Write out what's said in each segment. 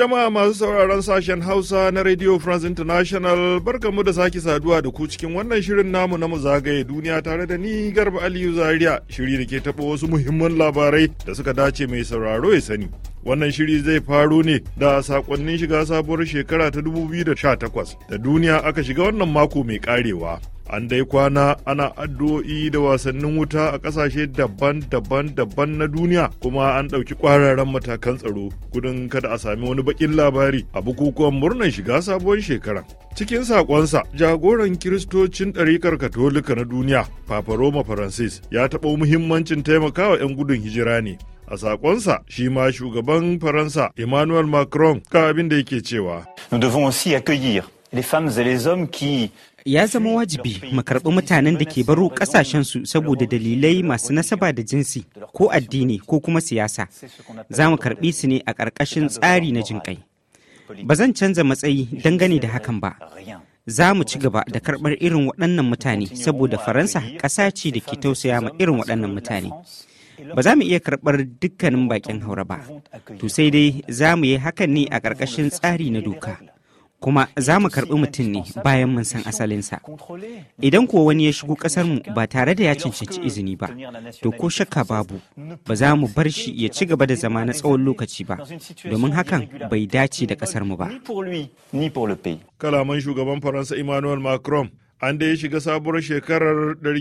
Jama'a masu sauraron sashen Hausa na Radio France International barkamu da sake saduwa da ku cikin wannan shirin namu na zagaye duniya tare da ni Garba Aliyu Zaria shiri da ke taɓa wasu muhimman labarai da suka dace mai sauraro ya sani. Wannan shiri zai faru ne da sakonnin shiga sabuwar shekara ta 2018 da duniya aka shiga wannan mako mai karewa. An dai kwana ana addu'o'i da wasannin wuta a ƙasashe daban-daban daban na duniya kuma an ɗauki ƙwararren matakan tsaro gudun kada a sami wani baƙin labari a bukukuwan murnar shiga sabuwar shekara. Cikin saƙonsa jagoran kiristocin ɗarikar katolika na duniya Papa Roma Francis ya taɓo muhimmancin taimakawa 'yan gudun hijira ne. a sakonsa shi ma shugaban faransa emmanuel macron ka abin da yake cewa nous devons aussi accueillir les femmes et les hommes qui ya zama wajibi mu karɓi mutanen da ke baro su saboda dalilai masu nasaba da jinsi ko addini ko kuma siyasa za mu karɓi su ne a ƙarƙashin tsari na jinƙai ba zan canza matsayi dangane da hakan ba za mu ci gaba da karɓar irin waɗannan mutane saboda faransa ƙasa ce da ke tausaya ma irin waɗannan mutane ba za mu iya karɓar dukkanin baƙin haura ba to sai dai za mu yi hakan ne a ƙarƙashin tsari na doka kuma za mu karɓi mutum ne bayan mun san asalinsa. Idan kuwa wani ya shigo ƙasarmu ba tare da ya cancanci izini ba, to ko shakka babu ba za mu bar shi ya ci gaba da zama na tsawon lokaci ba, domin hakan bai dace da ƙasarmu ba. Kalaman shugaban Faransa Emmanuel Macron an da ya shiga sabuwar shekarar da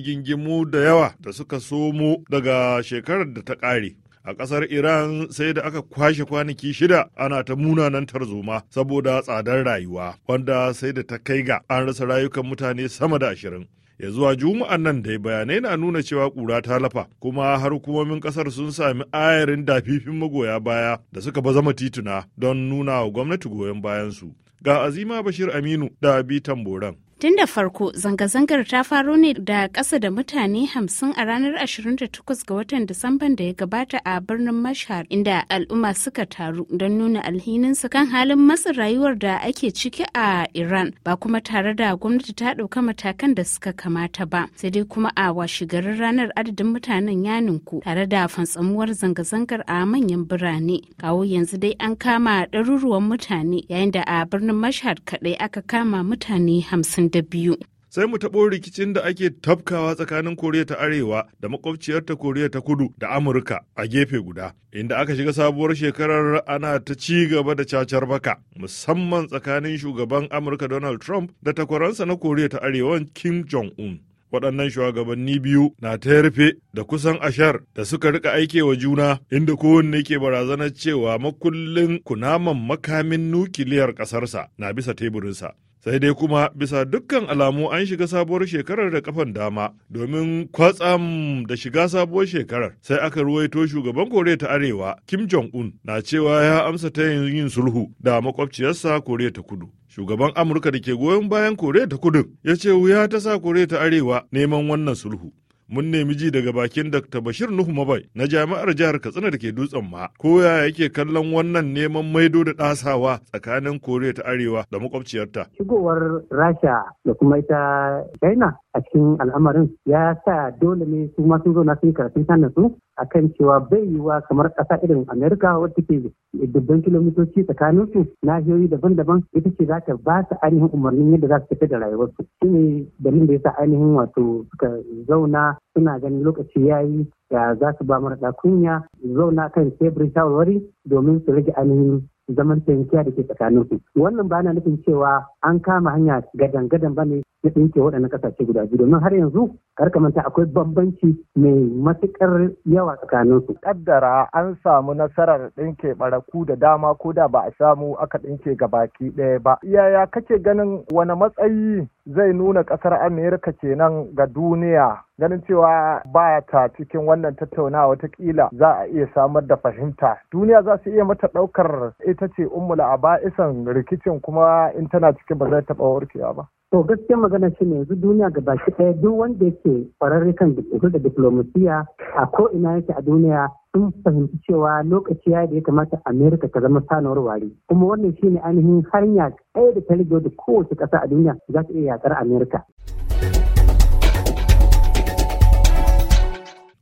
da yawa da suka somo daga shekarar da ta ƙare. a ƙasar iran sai da aka kwashe kwanaki shida ana ta munanan tarzoma saboda tsadar rayuwa wanda sai da ta kai ga an rasa rayukan mutane sama da ashirin ya zuwa juma'an nan dai bayanai na nuna cewa ƙura ta lafa kuma har hukumomin kasar sun sami ayarin dafifin magoya baya da suka ba zama tituna don nuna wa gwamnati goyon bayansu ga azima bashir aminu da bitan boran Tun da farko zanga-zangar ta faro ne da ƙasa da mutane hamsin a ranar 28 ga watan Disamban da ya gabata a birnin Mashhad inda al'umma suka taru don nuna alhininsu kan halin matsin rayuwar da ake ciki a Iran ba kuma tare da gwamnati ta ɗauka matakan da suka kamata ba. Sai dai kuma a washegarin ranar adadin mutanen ya ninku tare da fantsamuwar zanga-zangar a manyan birane. Kawo yanzu dai an kama ɗaruruwan mutane yayin da a birnin Mashhad kaɗai aka kama mutane hamsin biyu. sai mu taɓo rikicin da ake tafkawa tsakanin koriya ta arewa da makwabciyarta koriya ta kudu da amurka a gefe guda inda aka shiga sabuwar shekarar ana ta ci gaba da cacar baka musamman tsakanin shugaban amurka donald trump da takwaransa na koriya ta arewa kim jong-un waɗannan shugabanni biyu na ta rufe da kusan ashar da suka rika aike wa juna inda kowanne ke barazanar cewa makullin kunaman makamin nukiliyar ƙasarsa na bisa teburinsa sai dai kuma bisa dukkan alamu an shiga sabuwar shekarar da kafan dama domin kwatsam da shiga sabuwar shekarar sai aka ruwaito shugaban koriya ta arewa kim jong-un na cewa ya amsa ta yin sulhu da makwabciyarsa koriya ta kudu shugaban amurka da ke goyon bayan koriya ta kudu ya ce wuya ta sa koriya ta arewa neman wannan sulhu mun nemi ji daga bakin Dr. Bashir Nuhu Mabai na jami'ar jihar Katsina da ke dutsen ma. koya ya yake kallon wannan neman maido da ɗasawa tsakanin Koriya ta Arewa da makwabciyarta? Shigowar Rasha da kuma ita China a cikin al'amarin ya sa dole ne su ma sun zauna sun karatun sanin su a kan cewa bai wa kamar ƙasa irin Amerika wadda ke dubban kilomitoci tsakanin su nahiyoyi daban-daban ita ce za ta ba su ainihin umarnin yadda za su tafi da rayuwarsu. Shi ne dalilin da ya sa ainihin wato suka zauna suna ganin lokaci ya yi da za su ba mara kunya zauna kan teburin shawarwari domin su rage ainihin zaman tankiya da ke tsakanin wannan ba na nufin cewa an kama hanya gadan gadan ne. ya tsinke waɗannan ƙasashe guda biyu domin har yanzu manta akwai bambanci mai matuƙar yawa tsakanin su. Kaddara an samu nasarar ɗinke baraku da dama ko da ba a samu aka ɗinke gabaki ɗaya ba. Yaya kake ganin wani matsayi zai nuna ƙasar Amerika kenan ga duniya ganin cewa ba ta cikin wannan tattaunawa watakila za a iya samar da fahimta duniya za su iya mata ɗaukar ita ce ummula a ba'isan rikicin kuma in tana cikin ba zai taɓa warkewa ba. To gaskiya magana shi ne yanzu duniya ga baki ɗaya duk wanda yake kwararre kan da diplomasiya a ko ina yake a duniya sun fahimci cewa lokaci ya da ya kamata Amerika ta zama sanuwar wari. Kuma wannan shi ne ainihin hanya ɗaya da ta rige da kowace ƙasa a duniya za ta iya yakar Amerika.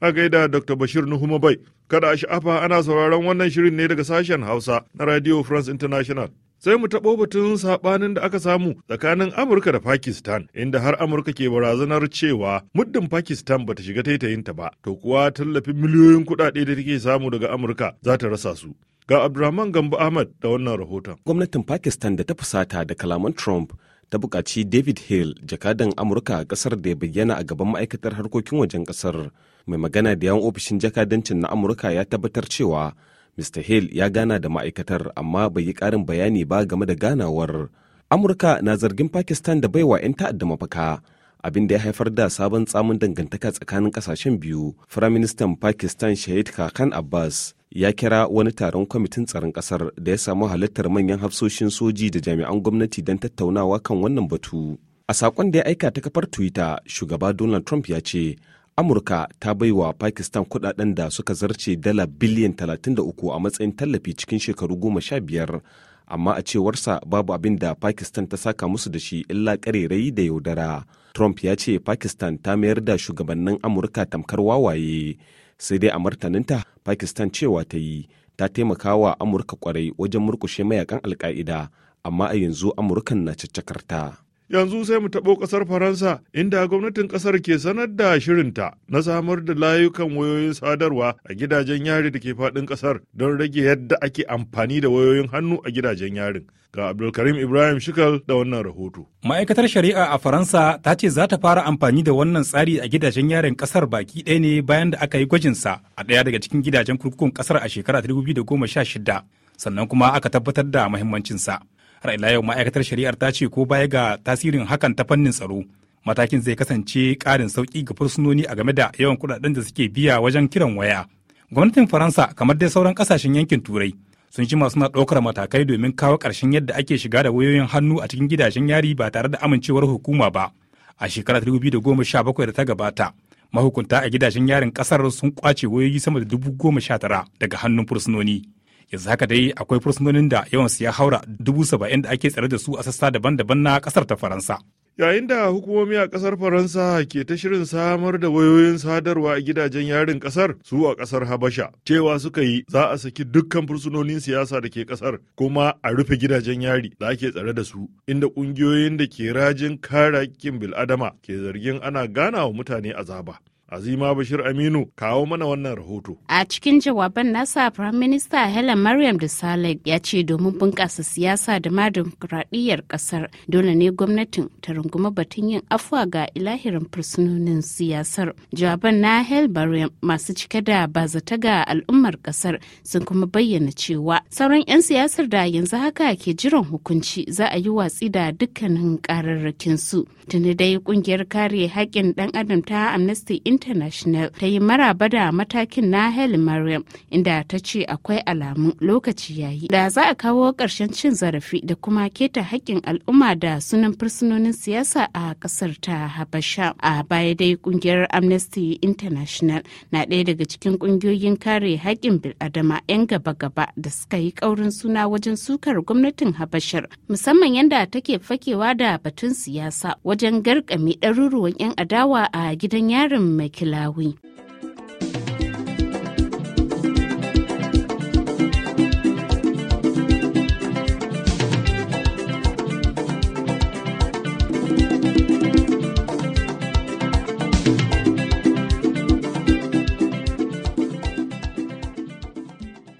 a gaida Dr. Bashir Nuhu Mabai. Kada a sha'afa ana sauraron wannan shirin ne daga sashen Hausa na Radio France International. sai mu taɓo batun saɓanin da aka samu tsakanin Amurka da Pakistan, inda har Amurka ke barazanar cewa muddin Pakistan bata shiga taitayinta ba, to kuwa tallafin miliyoyin kuɗaɗe da take samu daga Amurka za ta rasa su. Ga Abdulrahman Gambo Ahmad da wannan rahoton. Gwamnatin Pakistan da ta fusata da kalaman Trump ta buƙaci David hill jakadan Amurka a ƙasar da ya bayyana a gaban ma'aikatar harkokin wajen ƙasar. Mai magana da yawan ofishin jakadancin na Amurka ya tabbatar cewa Mr. Hill ya gana da ma'aikatar amma bai yi ƙarin bayani ba game da ganawar. Amurka na zargin Pakistan da baiwa 'yan ta'adda mafaka. abin da ya haifar da sabon tsamin dangantaka tsakanin kasashen biyu firaministan pakistan shahid kakan abbas ya kira wani taron kwamitin tsaron Ƙasar, da ya samu halittar manyan hafsoshin soji da jami'an gwamnati don tattaunawa kan wannan batu a saƙon da ya aika ta kafar twitter shugaba donald trump ya ce amurka ta baiwa pakistan kudaden da suka zarce dala biliyan 33 a matsayin tallafi cikin shekaru goma sha biyar amma a cewarsa babu abin da pakistan ta saka musu da shi illa karerai da yaudara trump ya ce pakistan ta mayar da shugabannin amurka tamkar wawaye sai dai a martaninta pakistan cewa ta yi ta taimaka wa amurka kwarai wajen murkushe mayakan alka'ida amma a yanzu amurkan na caccakarta. Yanzu sai mu taɓo ƙasar Faransa inda gwamnatin ƙasar ke sanar da shirinta na samar da layukan wayoyin sadarwa a gidajen yari da ke faɗin ƙasar don rage yadda ake amfani da wayoyin hannu a gidajen yarin. Ga Abdulkarim Ibrahim Shikal da wannan rahoto. Ma'aikatar Shari'a a Faransa ta ce za ta fara amfani da wannan tsari a gidajen yarin ƙasar baki ɗaya ne bayan da aka yi gwajinsa a ɗaya daga cikin gidajen kurkukun ƙasar a shekara 2016 sannan kuma aka tabbatar da muhimmancinsa. har ila yau ma'aikatar shari'ar ta ce ko baya ga tasirin hakan ta fannin tsaro matakin zai kasance karin sauki ga fursunoni a game da yawan kudaden da suke biya wajen kiran waya gwamnatin faransa kamar dai sauran kasashen yankin turai sun jima suna ɗaukar matakai domin kawo ƙarshen yadda ake shiga da wayoyin hannu a cikin gidajen yari ba tare da amincewar hukuma ba a shekarar 2017 da ta gabata mahukunta a gidajen yarin kasar sun kwace wayoyi sama da dubu goma sha tara daga hannun fursunoni yanzu haka dai akwai fursunonin da yawansu ya haura dubu saba'in da ake tsare da su a sassa daban-daban na kasar ta faransa yayin da hukumomi a kasar faransa ke ta shirin samar da wayoyin sadarwa a gidajen yarin kasar su a kasar habasha cewa suka yi za a saki dukkan fursunonin siyasa da ke kasar kuma a rufe gidajen yari da ake tsare da su inda kungiyoyin da ke rajin kare hakkin bil'adama ke zargin ana gana wa mutane azaba Azima Bashir Aminu kawo mana wannan rahoto. A cikin jawaban nasa Prime Minister Helen Maryam Saleh ya ce domin bunƙasa siyasa da ma dimokuraɗiyyar ƙasar dole ne gwamnatin ta rungumi batun yin afuwa ga ilahirin fursunonin siyasar. Jawaban na Hel Maryam masu cike da bazata ga al'ummar ƙasar sun kuma bayyana cewa sauran 'yan siyasar da yanzu haka ke jiran hukunci za a yi watsi da dukkanin ƙararrakin su. Tuni dai ƙungiyar kare haƙƙin ɗan adam ta Amnesty international ta yi maraba da matakin na hel mariam inda ta ce akwai alamun lokaci yayi da za a kawo ƙarshen cin zarafi da kuma keta haƙƙin al'umma da sunan fursunonin siyasa a ƙasar ta habasha a baya dai ƙungiyar amnesty international na ɗaya daga cikin ƙungiyoyin kare haƙƙin bil'adama 'yan gaba-gaba da suka yi ƙaurin suna wajen sukar gwamnatin habashar musamman yadda take fakewa da batun siyasa wajen garkame ɗaruruwan 'yan adawa a gidan yarin mai Malaki Lawi.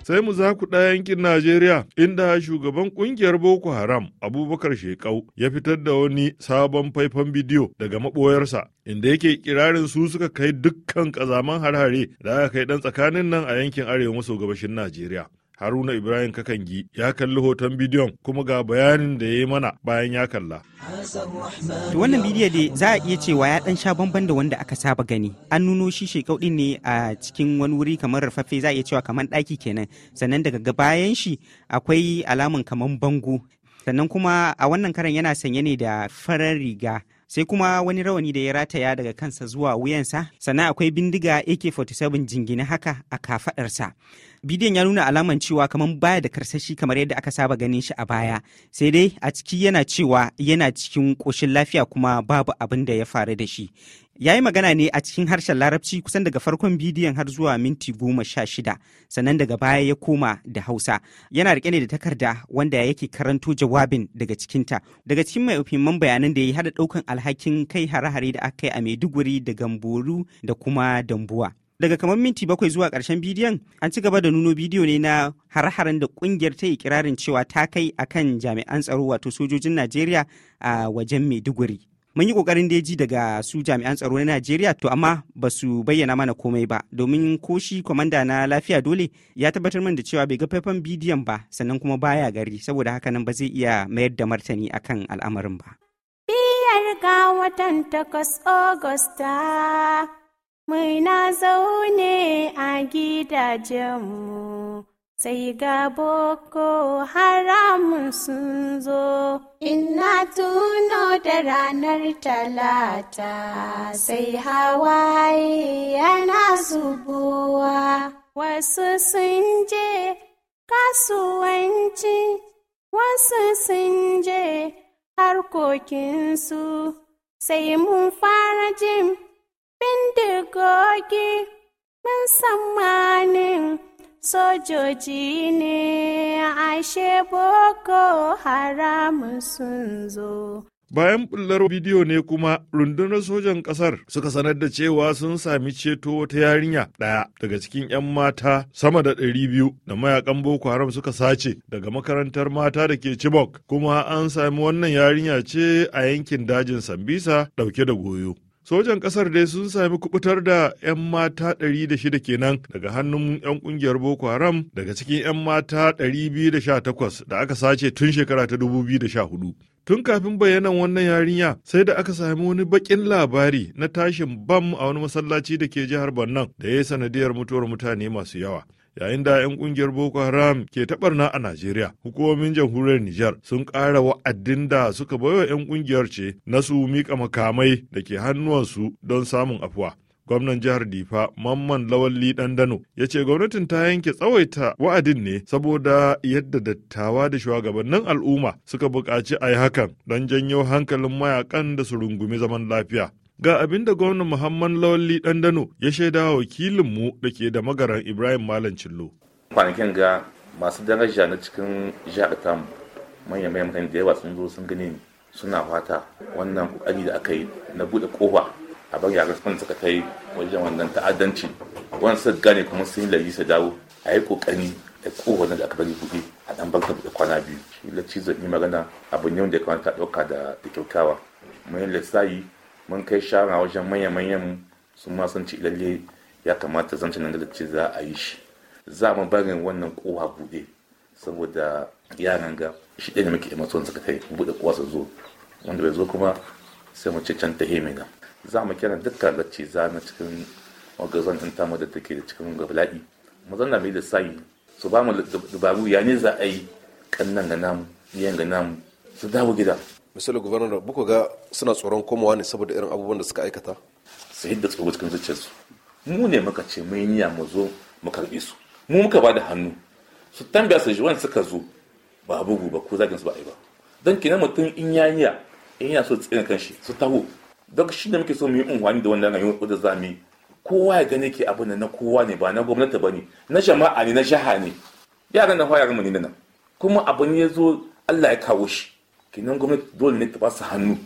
sai mu za ku yankin Najeriya inda shugaban ƙungiyar Boko Haram Abubakar Shekau ya fitar da wani sabon faifan bidiyo daga maɓoyarsa inda yake kirarin su suka kai dukkan ƙazaman harhare da aka kai ɗan tsakanin nan a yankin arewa maso gabashin Najeriya. Haruna Ibrahim Kakangi ya kalli hoton bidiyon kuma ga bayanin da ya yi mana bayan ya kalla. To wannan bidiyo dai za a iya cewa ya dan sha bamban da wanda aka saba gani. An nuno shi shekau din ne a cikin wani wuri kamar rafaffe za a iya cewa kamar ɗaki kenan. Sannan daga bayan shi akwai alaman kamar bango. Sannan kuma a wannan karan yana sanye ne da farar riga. sai kuma wani rawani da ya rataya daga kansa zuwa wuyansa sannan akwai bindiga ak-47 jingine haka a kafadarsa bidiyon ya nuna alaman cewa kamar baya da karsashi kamar yadda aka saba ganin shi a baya sai dai a ciki yana cewa yana cikin ƙoshin lafiya kuma babu abin da ya faru da shi ya yi magana ne a cikin harshen larabci kusan daga farkon bidiyon har zuwa minti goma sha shida sannan daga baya ya koma da hausa yana rike ne da takarda wanda yake karanto jawabin daga cikinta daga cikin mai muhimman bayanan da ya yi hada daukan alhakin kai hare-hare da aka yi a maiduguri da gamboru da kuma dambuwa daga kamar minti bakwai zuwa ƙarshen bidiyon an ci gaba da nuno bidiyo ne na har-haren da kungiyar ta yi kirarin cewa ta kai akan jami'an tsaro wato sojojin najeriya a wajen maiduguri mun yi kokarin da ji daga su jami'an tsaro na Najeriya to amma ba su bayyana mana komai ba domin koshi kwamanda na lafiya dole ya tabbatar min da cewa bai ga faifan bidiyon ba sannan kuma baya gari saboda haka nan ba zai iya mayar da martani akan al'amarin ba. Biyar ga watan takwas Agusta mai na zaune a gidajenmu sai ga boko haramun sun zo. Ina tuno da ranar talata sai hawaye yana zubowa. Wasu sun je kasuwanci, wasu sun je harkokinsu sai mun fara jin bindigogi mun sammanin sojoji ne ashe boko haramun sun zo Bayan bullar bidiyo ne kuma rundunar sojan ƙasar suka sanar da cewa sun sami ceto wata yarinya ɗaya daga cikin 'yan mata sama da ɗari biyu da mayakan Boko Haram suka sace daga makarantar mata da ke Chibok kuma an sami wannan yarinya ce a yankin dajin Sambisa ɗauke da goyo. sojan kasar dai sun sami kubutar da 'yan mata 106 kenan daga hannun 'yan kungiyar boko haram daga cikin 'yan mata 218 da aka sace tun shekara ta 2014 tun kafin bayanan wannan yarinya sai da aka sami wani bakin labari na tashin bam a wani masallaci da ke jihar Bannan da ya yi sanadiyar mutuwar mutane masu yawa yayin da 'yan kungiyar Boko Haram ke taɓarna a Najeriya. Hukumomin jamhuriyar Nijar sun kara wa'adin da suka baiwa 'yan kungiyar ce na su mika makamai da ke hannuwansu don samun afuwa. gwamnan jihar Difa Mamman Lawalli Dandano ya ce gwamnatin ta yanke tsawaita wa'adin ne saboda yadda dattawa da shugabannin al'umma suka bukaci a yi hakan don janyo hankalin mayakan da su rungumi zaman lafiya. Ga abin da gwamnan Muhammad Lawalli Dandano ya shaida wa wakilinmu da ke da magaran Ibrahim Malam Cillo. Kwanakin ga masu daraja na cikin jihar manyan manyan mutane da yawa sun zo sun gani suna fata wannan kokari da aka yi na bude kofa a bar yaran sun suka kai wajen wannan ta'addanci wani suka gane kuma sun yi lalisa dawo a yi kokari da kofa da aka bari buɗe a ɗan barka da kwana biyu shi ciza zan magana abu ne wanda ya kamata ɗauka da kyautawa mayan lissayi mun kai shara wajen manya manyan sun ma sun ci lalle ya kamata zancen nan da ce za a yi shi za mu barin wannan kowa buɗe saboda yaran ga shi ɗaya da muke ima son suka kai buɗe kowa su zo wanda bai zo kuma sai mu ce can ta hemina za mu kira dukkan da za na cikin wagazan ɗin tamu da take da cikin gabala'i mu zanna mai da sayi su ba mu dabaru ya ne za a yi kannan ga namu iyan ga namu su dawo gida misali gubernar buku ga suna tsoron komowa ne saboda irin abubuwan da suka aikata sai da tsoro cikin zuciyarsu mu ne muka ce mai niyya mu zo mu karbe su mu muka ba da hannu su tambaya su wani suka zo ba bugu ba ko zagin su ba ai ba dan kina mutum in ya niyya in yana so tsina kanshi su taho don shi da muke so mu yi unhwani da wannan rayuwar da za mu yi kowa ya gane ke abin na kowa ne ba na gwamnati ba ne na jama'a ne na jaha ne yaran na fara mu ne nan kuma abin ya zo Allah ya kawo shi kenan gwamnati dole ne ta ba su hannu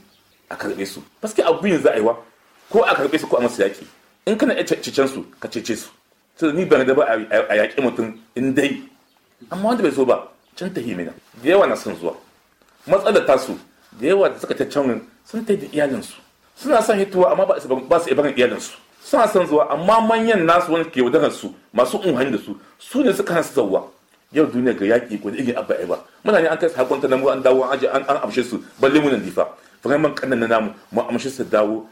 a karɓe su paske abu yanzu a yi wa ko a karɓe su ko a masu yaƙi in kana iya cecen su ka cece su sai ni ban da ba a yaƙi mutum in dai amma wanda bai zo ba can ta himina da yawa na son zuwa matsalar tasu da yawa da suka ta sun ta da iyalinsu suna son hituwa amma ba su ibarin iyalinsu suna son zuwa amma manyan nasu wani ke yaudarar su masu unhani da su su ne suka hana su zauwa yau duniya ga yaƙi ko da igin abba ba muna ne an kai sakon ta namu an dawo an an amshe su balle nan difa mun kannan na namu mu amshe su dawo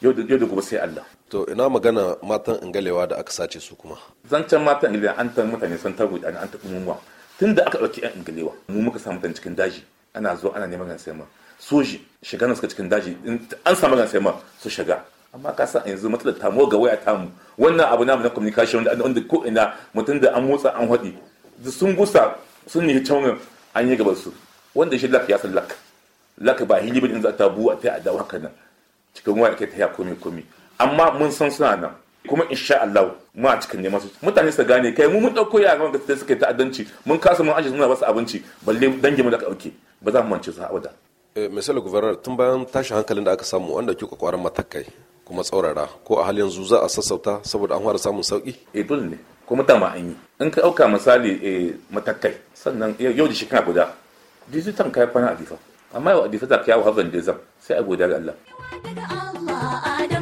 yau da gobe sai Allah to ina magana matan ingalewa da aka sace su kuma zancen matan ingalewa an tan mutane san tagu da an taɓa mumuwa tun da aka dauki yan ingalewa mu muka samu tan cikin daji ana zo ana neman gan sai ma soji shiga na suka cikin daji an samu gan sai ma su shiga amma ka san yanzu matsalar tamu ga waya tamu wannan abu namu na communication wanda ko ina mutum da an motsa an haɗi sun gusa sun ne can an yi gabasu wanda shi lak ya san lak lak ba hili bane za ta buwa ta adawa haka nan cikin wani kai ta ya komi komi amma mun san suna nan kuma insha Allah mu a cikin neman su mutane su gane kai mu mun dauko yaran da sai suka ta'addanci mun kasa mun ajiye muna basu abinci balle dangi mu da kauke ba za mu mance su abada eh, misali gubernar tun bayan tashin hankalin da aka samu an dauki kwakwaran matakai kuma tsaurara ko a halin yanzu za a sassauta saboda an fara samun sauki eh dole ne kuma ta ma in ka ɗauka misali eh, matakai sannan yau da shekara guda dijitan kai kwana a amma yau a difa ta kyawu hazan da zan sai a godiya ga Allah ta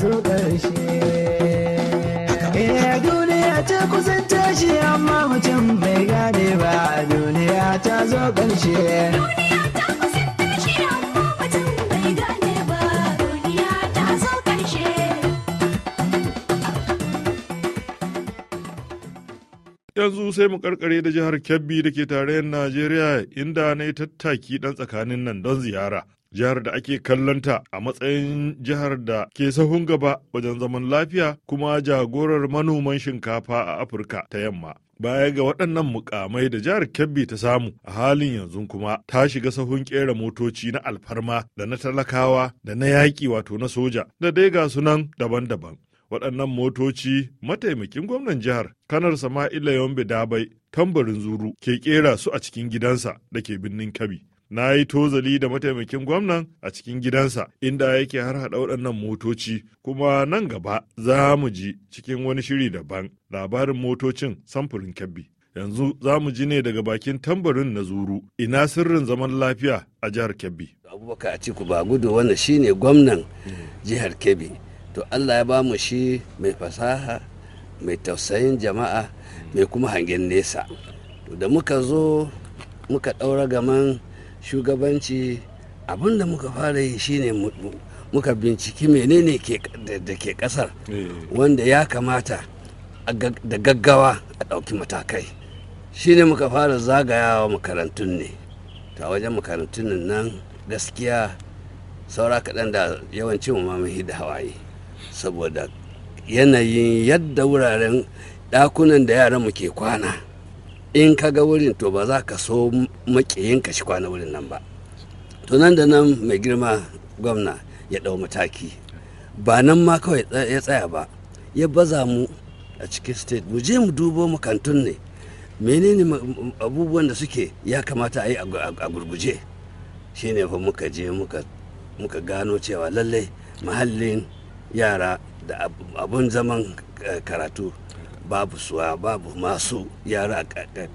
zo ƙarshe duniya ta kusan tashi amma mutum bai gane ba duniya ta zo ƙarshe yanzu sai mu karkare da jihar Kebbi da ke tarayyar Najeriya inda na yi tattaki ɗan tsakanin nan don ziyara. Jihar da ake kallonta a matsayin jihar da ke sahun gaba wajen zaman lafiya kuma jagorar manoman shinkafa a Afirka ta yamma. baya ga waɗannan mukamai da jihar Kebbi ta samu a halin yanzu kuma ta shiga sahun ƙera motoci na alfarma da na talakawa da na yaƙi wato na soja da dai ga sunan daban-daban. waɗannan motoci mataimakin gwamnan jihar kanar sama'ila yombe dabai tambarin zuru ke kera su a cikin gidansa da ke birnin kabi na yi tozali da mataimakin gwamnan a cikin gidansa inda yake har haɗa waɗannan motoci kuma nan gaba za mu ji cikin wani shiri daban labarin motocin samfurin Kabi, yanzu za mu ji ne daga bakin tambarin na zuru ina sirrin zaman lafiya a jihar kebbi abubakar atiku ba gudu wannan shine gwamnan jihar kebbi to allah ya ba mu shi mai fasaha mai tausayin jama'a mai kuma hangen nesa to da muka zo muka ɗaura gaman shugabanci abinda da muka fara yi shine muka binciki menene da ke ƙasar eh. wanda ya kamata da gaggawa a ɗauki matakai shine muka fara zagayawa makarantun ne ta wajen makarantun nan gaskiya saura kaɗan da yawancin mu da hawaye saboda yanayin yadda wuraren dakunan da yaran mu ke kwana in ka ga wurin to ba za ka so makiyin ka shi kwana wurin nan ba to nan da nan mai girma gwamna ya dau mataki ba nan ma kawai ya tsaya ba ya baza mu a cikin state mu je mu dubo makantun ne menene abubuwan da suke ya kamata a yi a gurguje shine fa muka je muka gano cewa lallai mahallin yara da abun zaman eh, karatu babu suwa ah, babu masu yara a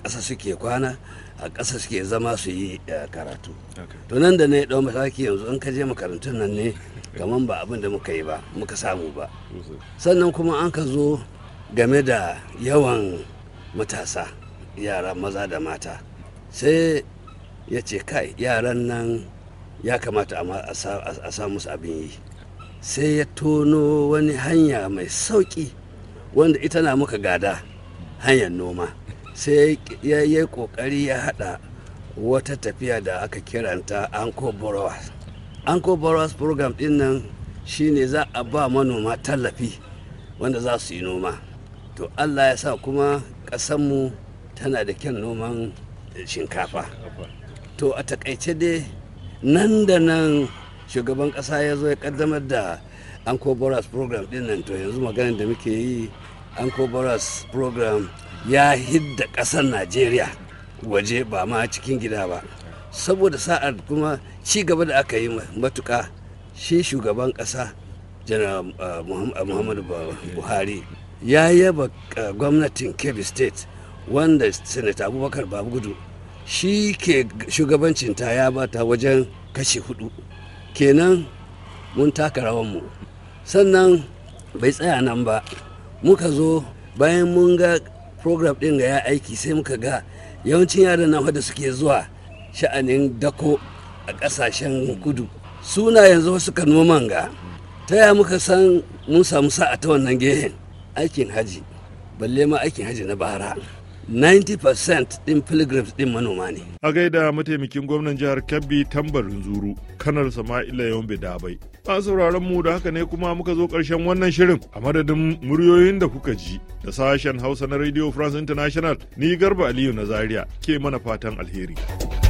ƙasa suke kwana a ƙasa suke zama su yi eh, karatu to nan da na yi mataki yanzu in ka makarantun nan ne kamar ba abin da muka yi ba muka samu ba sannan kuma an ka zo game da yawan matasa yara maza da mata sai ya ce kai yaran nan ya kamata a sa abin yi sai ya tono wani hanya mai sauƙi wanda ita na muka gada hanyar noma sai ya yi ƙoƙari ya haɗa wata tafiya da aka kiranta anko borrowers anko borrowers program ɗin nan shine za a ba manoma tallafi wanda za su yi noma to allah ya sa kuma ƙasanmu tana da kyan noman shinkafa to a takaice dai nan da nan shugaban kasa ya zo ya kaddamar da anko boras program din nan to yanzu magana da muke yi anko boras program ya hidda kasar najeriya waje ba ma cikin gida ba saboda sa'ar kuma ci gaba da aka yi matuka shi shugaban kasa janar uh, uh, muhammadu buhari ya yaba uh, gwamnatin kebbi state wanda senator abubakar babu gudu shi ke shugabancinta ya bata wajen kashe hudu kenan mun taka rawanmu sannan bai tsaya nan ba muka zo bayan mun ga program ɗin ga ya aiki sai muka ga yawancin yaran nan da suke zuwa sha'anin dako a ƙasashen kudu suna yanzu wasu ka noman ga ta ya muka san mun samu sa'a ta wannan gehen aikin haji balle ma aikin haji na bara 90% din pilgrims din manoma ne. A gaida mataimakin gwamnan jihar Kebbi tambarin zuru, kanar Sama'ila Yombe Dabai. A sauraron mu da haka ne kuma muka zo ƙarshen wannan shirin a madadin muryoyin da kuka ji da sashen Hausa na Radio France International ni Garba Aliyu na Zaria ke mana fatan alheri.